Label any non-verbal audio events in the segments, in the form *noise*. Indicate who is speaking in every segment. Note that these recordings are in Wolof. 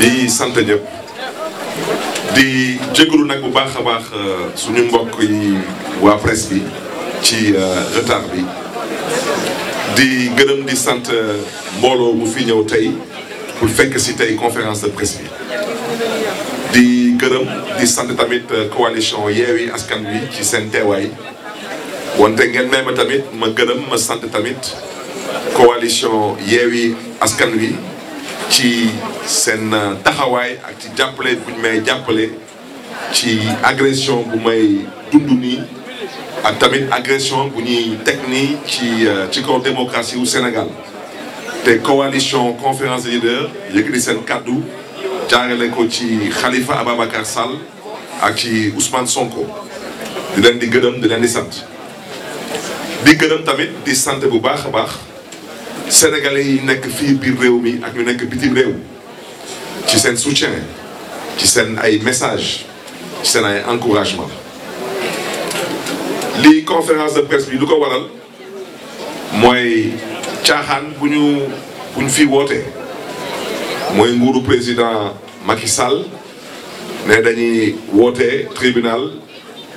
Speaker 1: di sant ñëpp di jégalu nag bu baax baax euh, suñu mbokk yi waa presse bi ci euh, retard bi di gërëm di sant euh, mbooloo mu fi ñëw tey pour fekk si tey conférence de presse yi di gërëm di sant tamit euh, coalition Yewwi Askan Wi ci seen teewaay wante ngeen may ma tamit ma gërëm ma sant tamit coalition Yewwi Askan Wi ci seen euh, taxawaay ak ci jàppale bu ñu may jàppale ci agression bu may dund nii ak tamit agression bu ñuy teg ci euh, ci kaw démocratie wu Sénégal te coalition conférence des leaders yëkkati seen kàddu jaarale ko ci xalifa Ababacar Sall ak ci Ousmane Sonko di leen di gërëm di leen di sant di gërëm tamit di sant bu baax a baax sénégalais yi nekk fii biir réew mi ak ñu nekk bitim réew ci seen soutien ci seen ay message ci seen ay encouragement lii conférence de presse bi lu ko waral mooy caaxaan bu ñu bu ñu fi wootee mooy nguuru président Macky Sall ne dañuy woote tribunal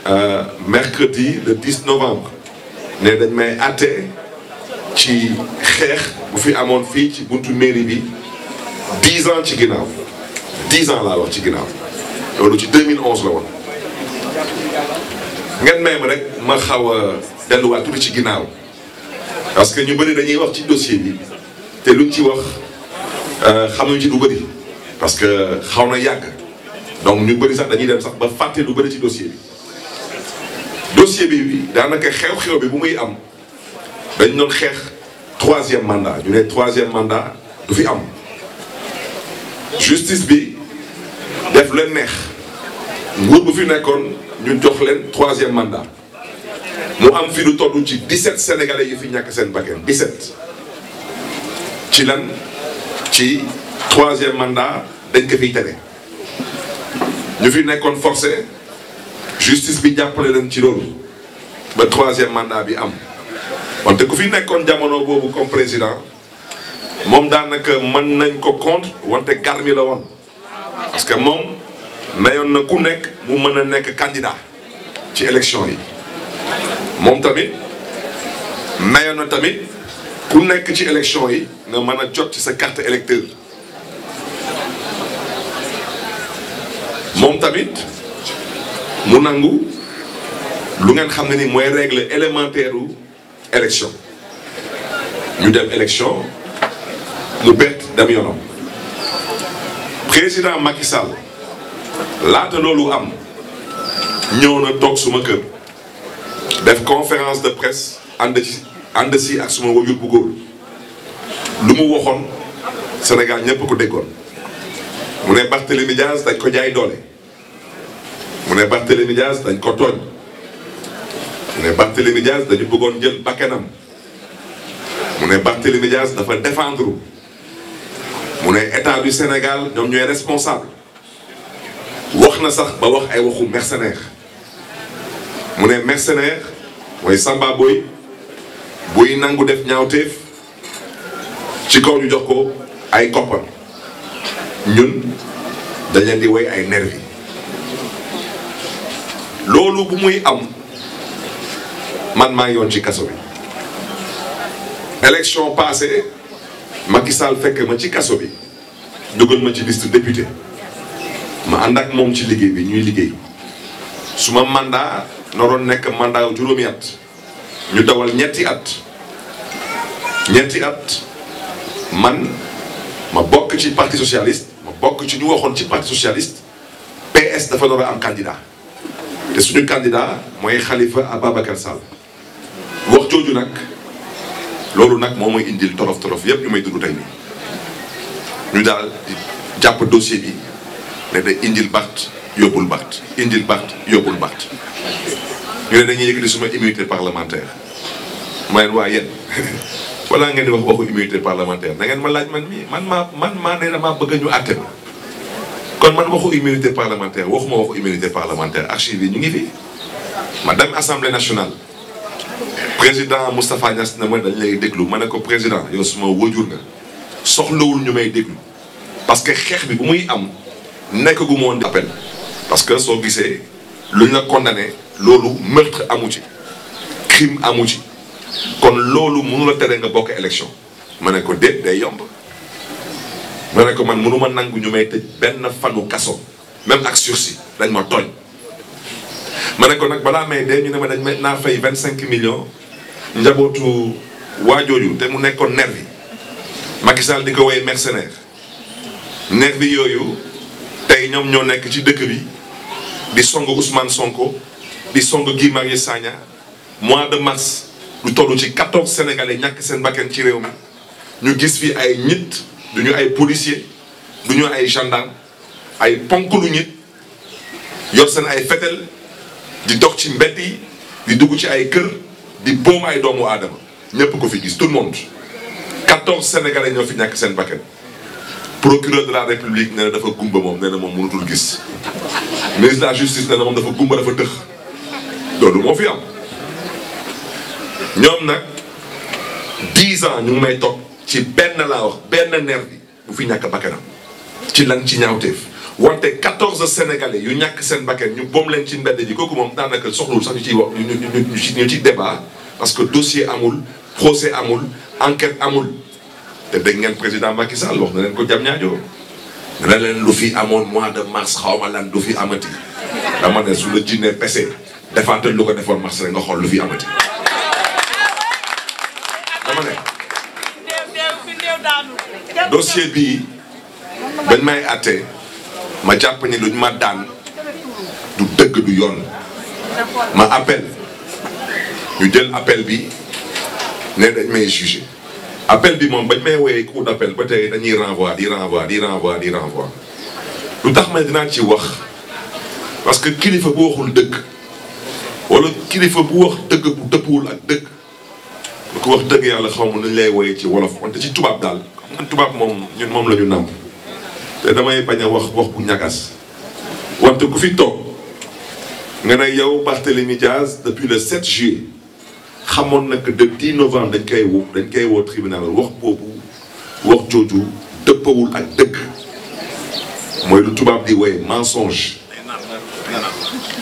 Speaker 1: euh, mercredi le 10 novembre ne dañ may àtte ci xeex bu fi amoon fii ci buntu mairie bi dix ans ci ginnaaw dix ans laa wax ci ginnaaw loolu ci 2011 la woon ngeen même rek ma xaw a delluwaat tuuti ci ginnaaw parce que ñu bëri dañuy wax ci dossier bi te luñ ci wax. Euh, xamuñ ci lu bëri parce que xaw na yàgg donc ñu bëri sax dañuy dem sax ba fàtte lu bëri ci dossier bi. dossier bi daanaka xew-xew bi bu muy am dañ doon xeex troisième mandat ñu ne troisième mandat du fi am justice bi def leen neex nguur bu fi nekkoon ñu jox leen troisième mandat mu am fi lu toll ci 17 sénégalais yi fi ñàkk seen bakkan 17 ci lan. ci troisième mandat dañ ko fiy tere ñu fi nekkoon forcé justice bi jàppale leen ci loolu ba troisième mandat bi am wante ku fi nekkoon jamono boobu comme président moom daanaka mën nañ ko contre wante garmi la woon parce que moom mayoon na ku nekk mu mën a nekk candidat ci élection yi moom tamit mayoon na tamit ku nekk ci élection yi nga mën a jot ci sa carte électeur moom tamit mu nangu lu ngeen xam ne ni mooy règle élémentaire u élection ñu dem élection mu bett dem yoonam président Macky laata loolu am ñëw na toog suma kër def conférence de presse ànd ci ànd si ak suma wajur bu lu mu waxoon Sénégal ñëpp ko déggoon mu ne Barthélémy Dias dañ ko jaay doole mu ne Barthélémy Dias dañ ko tooñ mu ne Barthélémy Dias dañu bëggoon jël bakkanam mu ne Barthélémy Dias dafa défendre mu ne état du Sénégal ñoom ñooy responsable wax na sax ba wax ay waxu mercenaire mu ne mercenaire mooy Samba buy nangu def ñaawteef ci kaw ñu jox ko ay koppar ñun dañ leen di woy ay nervi loolu bu muy am man maa ngi yoon ci kaso bi élection passée Macky Sall fekk ma ci kaso bi dugal ma ci list député ma ànd ak moom ci liggéey bi ñuy liggéey suma mandat naroon nekk mandat juróomi at ñu dawal ñetti at ñetti at man ma bokk ci parti socialiste ma bokk ci ñu waxoon ci parti socialiste PS dafa door a am candidat te suñu candidat mooy Khalifa Ababacar Sall wax jooju nag loolu nag moo mooy indil torof torof yépp ñu may dugg tey ñu daal di jàpp dossier bi ne da indil Barth yóbbul Barth indil Barth yóbbul Barth ñu ne dañuy yëkkati suma immunité parlementaire ma waa yéen wala *laughs* ngeen di wax waxu ngeen ma laaj man mii man maa man maa ne kon man waxu immunité parlementaire waxuma waxu immunité parlementaire archives yi ñu ngi fi madame assemblée nationale président Moustapha Niass na ma dañ lay déglu ma ne ko président yow suma wajur nga soxlawul ñu may déglu parce que xeex bi bu muy am nekk gu moon appel parce que soo gisee lu ñu la condamné loolu meurtre amu ci crime amu ci kon loolu mënu la tere nga bokk élection ma ne ko déet day yomb ma ne ko man mënu ma nangu ñu may tëj benn fanu kaso même ak sursis dañ ma tooñ ma ne ko nag balaa may dee ñu ne ma dañ may naa fay vingt cinq millions njabootu waajooju te mu nekkoon nervi Macky Sall di ko woyee mercenaire nervi yooyu tey ñoom ñoo nekk ci dëkk bi di song Ousmane Sonko di song Guy Marius Sagna mois de mars lu toll ci 14 sénégalais ñàkk seen bakkan ci réew mi ñu gis fi ay ñit du ñu ay policier du ñu ay gendarme ay ponk lu ñit yor seen ay fetel di dox ci mbedd yi di dugg ci ay kër di boom ay doomu aadama ñépp ko fi gis tout le monde 14 sénégalais ñoo fi ñàkk seen bakkan procureur de la république nee na dafa gumba moom nee na moom mënutul gis ministre de la justice nee na moom dafa gumba dafa tëx loolu moo fi am ñoom nag dix ans ñu ngi may toog ci benn laa wax benn nerf bi bu fi ñàkk bakkanam ci lan ci ñaawteef wante quatorze sénégalais yu ñàkk seen bakkan ñu boom leen ci mbedd ji kooku moom daanaka soxlul sax ñu ci wax ñu ñu ñu ci débat parce que dossier amul procès amul enquête amul te dégg ngeen président Macky Sall wax na leen ko jam ñaajo na leen lu fi amoon mois de mars xawma lan du fi amati dama ne su la jinnee pese defaatal lu ko defoon mars rek nga xool lu fi amati dama ne dossier bii dañ may àtte ma jàpp ni luñ ma daan du dëgg du yoon ma appel ñu jël appel bi ne dañ may jugé appel bi moom bañ may woowee cour d' appel ba tey dañuy renvoi di renvoi di renvoi di renvoi lu tax ma dinaa ci wax parce que kilifa bu waxul dëgg wala kilifa bu wax dëgg bu dëppuwul ak dëgg lu ko wax dëgg yàlla xaw ma nañ lay woowee ci wolof wante ci tubaab daal moom moom la ñu nàmp te damay pañ a wax wax bu ñagas wante ku fi toog nga ne yow Barthélémy Diaz depuis le 7 juillet xamoon nag de 10 novembre dañ koy woo dañ koy woo tribunal wax boobu wax jooju dëppawul ak dëgg mooy lu tubaab di wooye mensonge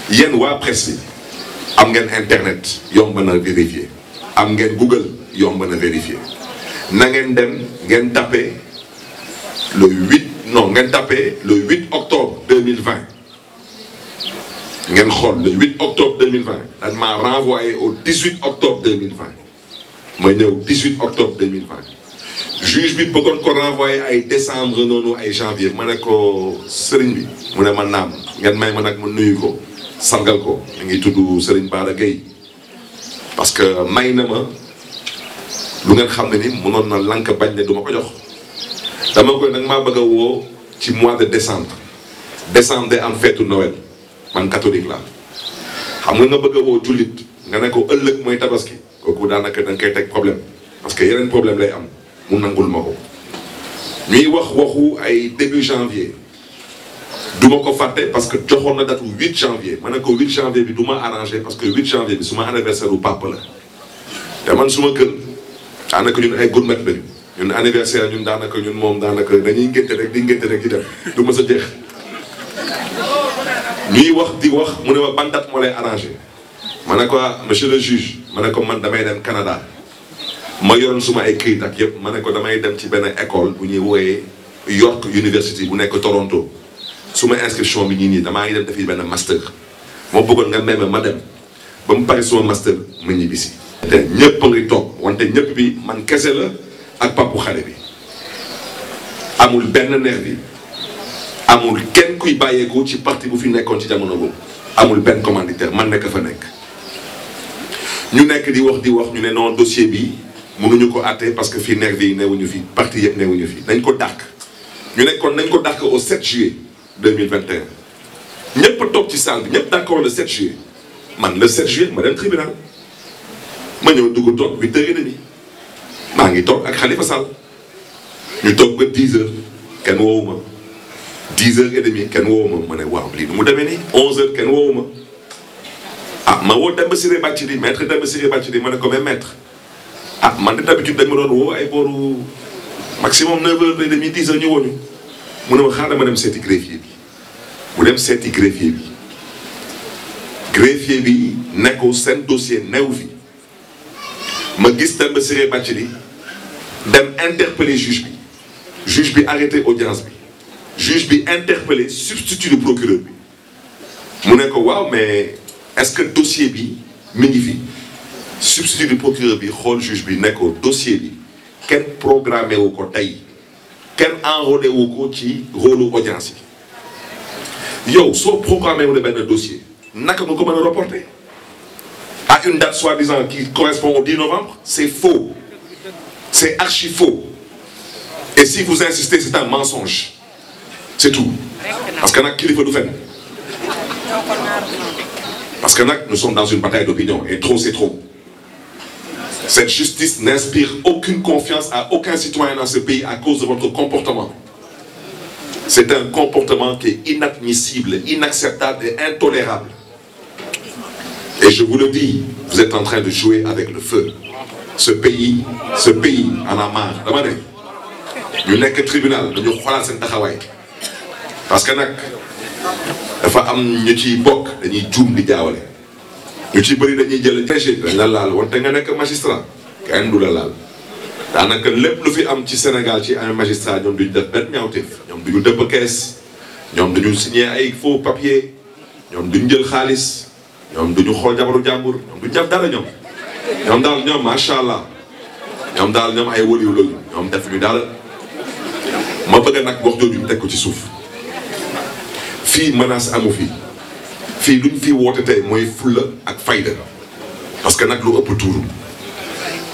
Speaker 1: yéen waa presse am ngeen internet yomb na vérifier am ngeen Google yomb na vérifier na ngeen dem ngeen tapé le 8 non ngeen le 8 octobre ngeen xool le 8 octobre 2020 dañ maa renvoyé au 18 octobre 2020 ma ñëw 18 octobre 2020 juge bi bëggoon ko renvoyé ay décembre noonu ay janvier ma ne ko sëriñ bi mu ne ma naam ngeen may ma nag ma nuyu ko sargal ko ngi tudd Serigne Bara Gueye parce que may na ma lu ngeen xam ne ni mënoon na lank bañ ne du ma ko jox dama koy nag maa bëgg a woo ci mois de décembre décembre day am feetu Noël man catholique laa xam nga nga bëgg a woo jullit nga ne ko ëllëg mooy tabaski kooku daanaka da koy teg problème parce que yeneen problème lay am mu nangul ma ko ñuy wax waxu ay début janvier du ma ko fàtte parce que joxoon na datu 8 janvier ma ne ko 8 janvier bi du ma arrangé parce que 8 janvier bi suma anniversaire u papa la te man suma kër daanaka ñun ay gourmet lañu ñun anniversaire ñun daanaka ñun moom daanaka dañuy ngénte rek di ngénte rek di du ma sa jeex ñuy wax di wax mu ne ma ban date moo lay arrangé ma ne ko ah, monsieur ma ne ko man damay dem Canada ma yoroon suma ay këyit ak yëpp ma ne ko damay dem ci benn école bu ñuy wooyee York University bu nekk Toronto suma inscription bi ñii nii damaa ngi dem defi benn master moo bëggoon nga meme ma dem ba mu pare suma master ma ñibbisi te ñëpp a toog wante ñëpp bi man kese la ak papu xale bi amul benn neex bi amul kenn kuy bàyyeekoo ci parti bu fi nekkoon ci jamono boobu amul benn commanditaire man nekk fa nekk. ñu nekk di wax di wax ñu ne non dossier bi mënuñu ko àtte parce que fii nervi yi newuñu fi parti yëpp ñu fi nañ ko dàq ñu nekkoon nañ ko dàq au 7 juillet 2021 ñëpp toog ci sal bi ñëpp d'accord le 7 juillet man le 7 juillet ma dem tribunal ma ñëw dugg toog 8 heures et maa ngi toog ak Khalifa Sall ñu toog ba 10 heures kenn woowu ma. dix heures et demie kenn woowu ma ma ne waaw lii nu mu demee nii onze heures kenn woowu ma ah ma woo Demba Ciré Bathily maître Demba Ciré Bathily ma ne ko mais maître ah de d'habitude woo ay booru maximum neuf heures et demie dix heures ñu woo ñu mu ne ma xaaral ma dem seeti greffier bi mu dem seeti greffier bi greffier bi nekkul seen dossier new fi ma gis Demba Ciré Bathily dem interpeller juge bi juge bi arrêté audience bi. juge bi interpellé substitut du procureur bi mu ne ko waaw mais est-ce que dossier bi mi ngi fi substitut du procureur bi xool juge bi ne ko dossier bi kenn programmé wu ko tey kenn enrôlé wu ko ci rôle audience yi yow soo programmé wu ne benn dossier naka nga ko mën a reporter à une date soi-disant qui correspond au 10 novembre c'est faux c'est archi faux et si vous insistez c'est un mensonge c'est tout parce que nag kilifa du fen parce que nag nous sommes dans une bataille d'opinion et trop c'est trop cette justice n'inspire aucune confiance à aucun citoyen dans ce pays à cause de votre comportement c'est un comportement qui est inadmissible inacceptable et intolérable et je vous le dis vous êtes en train de jouer avec le feu ce pays ce pays en a marre dama ne ñu nekk tribunal dañu xoolaat seen taxawaay parce que nag dafa am ñu ciy bokk dañuy juum di jaawale ñu ci bëri dañuy jël péché la laal wante nga nekk magistrat kenn du la laal daanaka lépp lu fi am ci Sénégal ci ay magistrat ñoom duñu def benn ñaawteef ñoom duñu dëpp kees ñoom duñu signé ay faux papier ñoom duñu jël xaalis ñoom duñu xool jabaru jàmbur ñoom duñu def dara ñoom ñoom daal ñoom macha allah ñoom daal ñoom ay wëliw lañu ñoom def ñu daal ma bëgg nag wax jooju ñu teg ko ci suuf fii menace amu fi fii luñ fi woote tey mooy fulla ak fayda parce que nag lu ëpp tuuru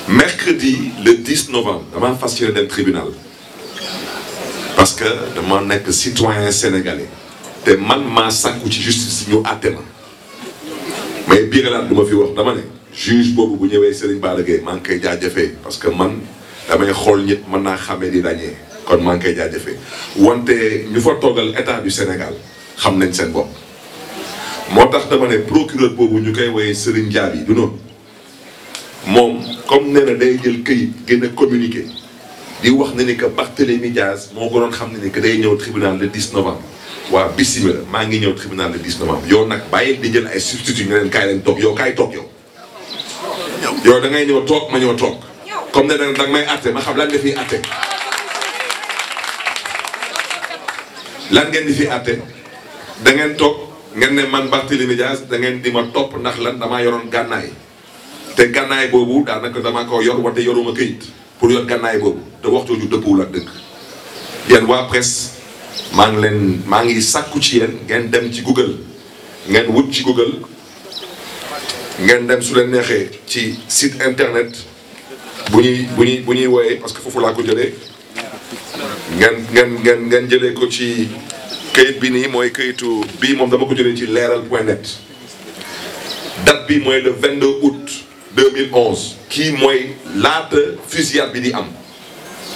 Speaker 1: mercredi le 10 novembre damaa fas yéene dem tribunal parce que dama nekk citoyen sénégalais te man maa sàkku ci justice ñu àtte ma mais biiralaat lu ma fi wax dama ne juge boobu bu ñëwee Serigne Balla Gueye maa ngi koy jaajëfee parce que man damay xool nit mën naa xamee di dañee kon maa ngi koy jaajëfee wante ñu fa toogal état du Sénégal xam nañ seen bopp moo tax dama ne procureur boobu ñu koy woyee Serigne Diaby du noonu moom comme nee na day jël këyit gën a di wax ne ni que Barthélémy Dias moo ko doon xam ne ni day ñëw tribunal le 10 novembre waa maa ngi ñëw tribunal le 10 novembre yow nag bàyyi di jël ay substitut nga leen kaay leen toog yow kaay toog yow yow toog ma ñëw toog comme ne da nga may atte ma xam lan nga fiy atte lan ngeen di fi atte da ngeen toog ngeen ne man Barthélémy Dias da ngeen di ma topp ndax lan damaa yoroon gànnaay te gànnaay boobu daanaka dama ko yor wante yoruma këyit pour yor gànnaay boobu te waxtu ju dëppuwul ak dëgg yéen waa presse maa ngi leen maa ngi sàkku ci yéen ngeen dem ci Google ngeen wut ci Google ngeen dem su leen neexee ci site internet bu ñuy bu ñuy bu ñuy wooyee parce que foofu laa ko jëlee ngeen ngeen ngeen ngeen jëlee ko ci këyit bi nii mooy këyitu bii moom dama ko jëlee ci leeral point net date bi mooy le 22 août 2011 kii mooy laata fusillade bi di am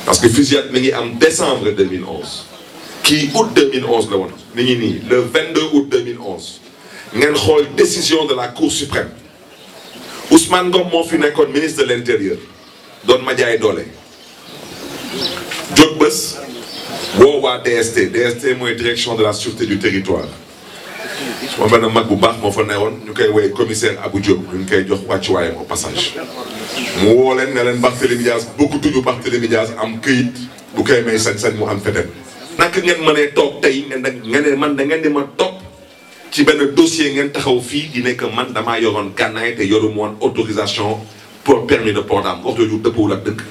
Speaker 1: parce que fusillade mi ngi am décembre 2011 kii août 2011 la woon mi ngi nii le 22 août 2011 ngeen xool décision de la cour suprême Ousmane Ngom moo fi nekkoon ministre de l' intérieur doon ma jaay doole jóg bés woo waa DST DST mooy direction de la sûreté du territoire su ma benn mag bu baax moo fa woon ñu koy woy commissaire Abou Diop ñu ngi koy jox wàccuwaayam au passage mu woo leen ne leen Barthélémy Dias bëggatuñu Barthélémy Dias am këyit bu koy may sañ-sañ mu am feneen naka ngeen mënee toog tey ngeen da ngeen man da ngeen di ma topp ci benn dossier ngeen taxaw fii di nekk man damaa yoroon gànnaay te yoru moon autorisation pour permis de port d'arme wax jooju dëppawul ak dëkk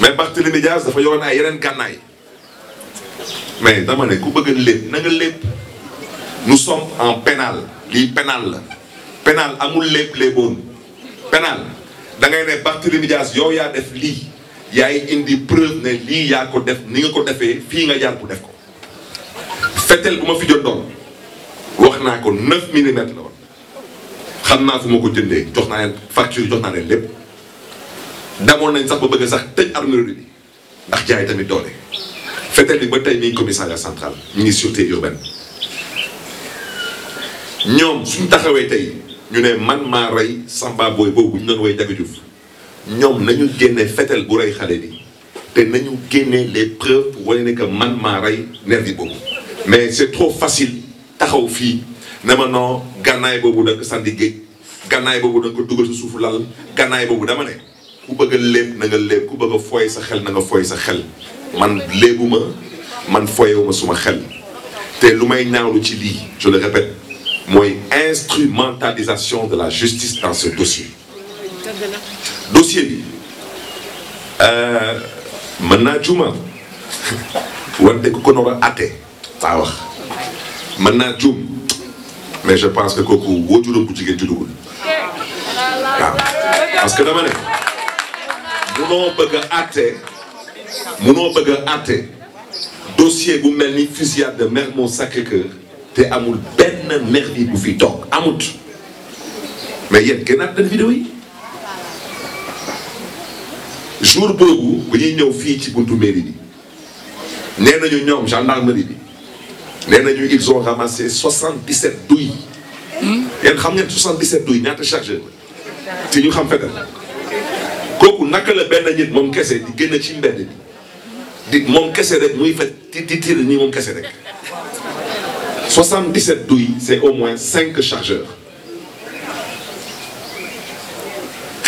Speaker 1: mais Barthélémy Dias dafa yoroon ay yeneen gànnaay mais dama ne ku bëgg lépp na nga lépp nous sommes en penal lii penal la penal amul lépp léppoon pénal da ngay ne Barthélémy Dias yow yaa def lii yaay indi preuve ne lii yaa ko def ni nga ko defee fii nga jaar bu def ko fetel bu ma fi jot doon wax naa ko 9 millimètres la woon xam naa fu ma ko jëndee jox naa leen facture jox naa leen lépp damoon nañ sax ba bëgg sax tëj armurerie bi ndax jaay tamit doole fetel bi ba tey mi ngi commissariat central mi ngi sûreté urbaine ñoom suñ taxawee tey ñu ne man maa rey Samba Boy boobu ñu doon way Jaga ñoom nañu génne fetel bu rey xale bi te nañu génne les preuves pour wane ne que man maa rey nervi boobu mais c'est trop facile taxaw fii ne ma non gànnaay boobu da nga ko sànni géej gànnaay boobu da ko dugal sa suufu lal gànnaay boobu dama ne ku bëgg a léeb na nga léeb ku bëgg a fooy sa xel na nga fooy sa xel man léebuma man fooyewuma suma xel te lu may ñaawlu ci lii je le répète mooy instrumentalisation de la justice dans ce dossier dossier bi euh, mën naa juuma *laughs* ku ko nar a atte saa mën naa juum mais je pense que kooku woo juróom bu jigéen ci dugul waaw parce que dama ne munoo bëgg a àtte munoo bëgg bu mel ni fusillade de Mermoz sacré te amul benn nervi bu fi toog amut mais yéen gënaat nañ vidéo yi jour boobu bu ñuy ñëw fii ci buntu mairie bi nee nañu ñoom gendarmerie bi nee nañu ils ont ramassé 77 douilles hmm? yéen xam ngeen 77 douilles ñaata chargeur te ñu xam fekk booku naka la benn nit moom kese di génn ci mbedd bi di moom kese rek muy fet ti ti tir nii moom kese rek 77 douilles c'est au moins cinq chargeurs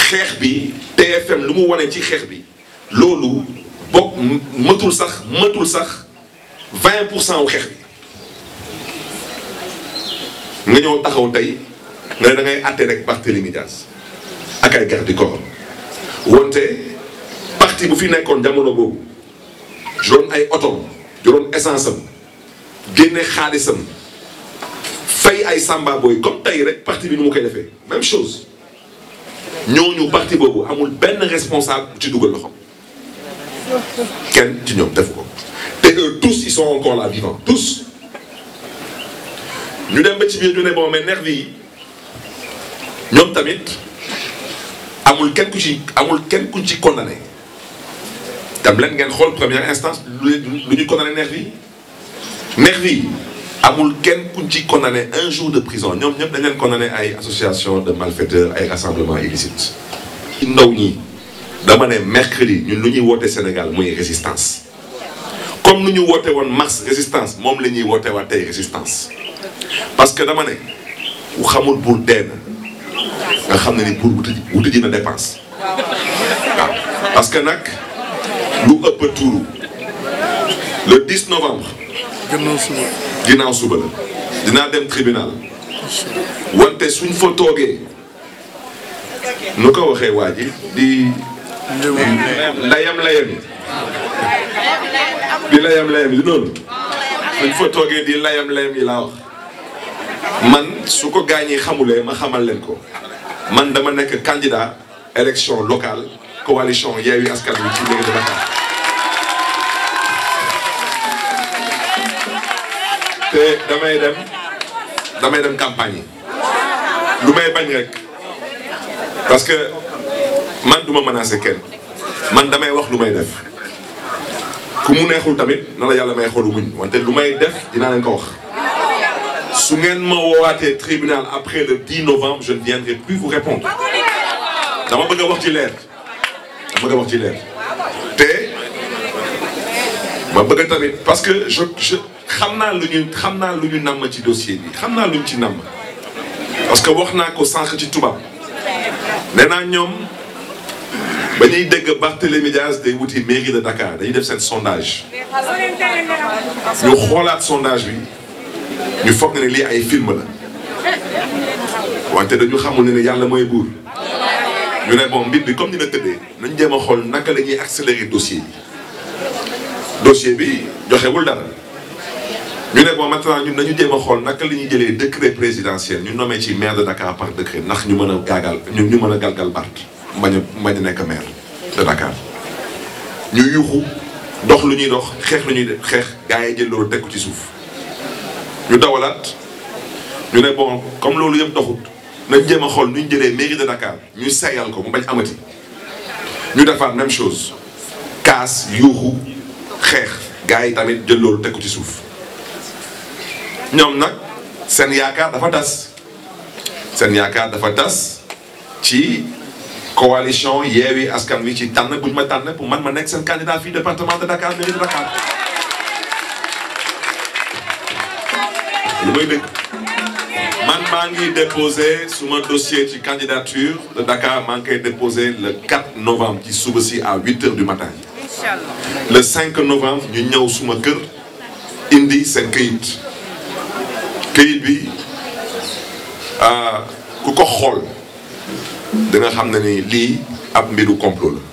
Speaker 1: xeex bi TFM lu mu wane ci xeex bi loolu bokk matul sax matul sax 20 pour cent wu xeex bi nga ñëw taxaw tey nga ne da ngay àtte rek parti Dias ak ay garde du wante parti bu fi nekkoon jamono boobu joroon ay oto joroon essence am génne xaalisam fay ay samba booy comme tey rek parti bi nu mu koy defee même chose ñooñu parti boobu amul benn responsable bu ci dugal loxoom kenn ci ñoom def ko te eux tous ils sont encore là vivants tous ñu dem ba ci biir ñu ne bon mais nervi yi ñoom tamit amul kenn ku ci amul kenn ku ci condamné tam leen ngeen xool première instance lu ñu condamné nervi yi nervi yi amul kenn ku ci condamné un jour de prison ñoom ñëpp dañ leen condamné ay association de malfaiteurs ay rassemblement illicite ci ndaw ñi dama ne mercredi ñun lu ñuy woote Sénégal mooy résistance comme lu ñu woote woon mars résistance moom la ñuy woote waat tey résistance parce que dama ne ku xamul bur dee na nga xam ne ni pour wuti wuti ji na dépense waaw parce que nag lu ëpp tuuru le 10 novembre. ginnaaw suba ginnaaw suba la dinaa dem tribunal. wante suñ fa toogee nu ko waxee waa ji di. layam layam yi di layam layam yi noonu suñ fa toogee di layam layam yi laa wax man su ko gaañee xamulee ma xamal leen ko man dama nekk candidat élection locale coalition Yewwi Askan Wi ci mairie te damay dem damay dem campagne lu may bañ rek parce que man duma a kenn man damay wax lu may def ku mu neexul tamit na la yàlla may xoolu muñ wante lu may def dinaa leen ko wax su ngeen ma woowaatee tribunal après le 10 novembre je ne viendrai plus vous répondre dama bëgg a wax ci leer dama bëgg a wax ci leer te ma ba tamit parce que je je xam naa lu ñu xam naa lu ñu namm ci dossier bi xam naa lu ñu ci namm parce que wax naa ko sànq ci tuba nee naa ñoom ba ñuy dégg Barthélémy Dias day wuti mairie de Dakar dañuy def seen sondage ñu xoolaat sondage bi. ñu foog ne lii ay film la wante dañu xamul ne ne yàlla mooy buur ñu ne bon mbir bi comme ni la tëddee nañ jéem a xool naka la ñuy accélérer dossier bi dossier bi joxewul dara ñu ne bon maintenant ñun nañu jéem a xool naka la ñuy jëlee décret présidentiel ñu nommé ci maire de Dakar par décret ndax ñu mën a gaagal ñu ñu mën a galgal Bart mbañ a mbañ a nekk maire de Dakar ñu yuuxu dox lu ñuy dox xeex lu ñuy xeex gaa yi jël loolu teg ci suuf ñu dawalaat ñu ne bon comme loolu yëpp doxut nañ jéem a xool ñu jëlee mairie de Dakar ñu sayal ko mu bañ amati ñu defaat même chose kaas yuuxu xeex gars yi tamit jël loolu teg ko ci suuf ñoom nag seen yaakaar dafa tas seen yaakaar dafa tas ci coalition Yewwi Askan Wi ci tànn bu ñu ma tànn pour man ma nekk seen candidat fii département de Dakar mairie de Dakar lu may dëkk man maa ngi déposé suma dossier ci candidature de Dakar maa ngi koy déposé le 4 novembre ci suba si à 8 heures du matin. le 5 novembre ñu ñëw suma kër indi seen këyit këyit bi ah, ku ko xool da xam ne ni lii ab mbiru complot la.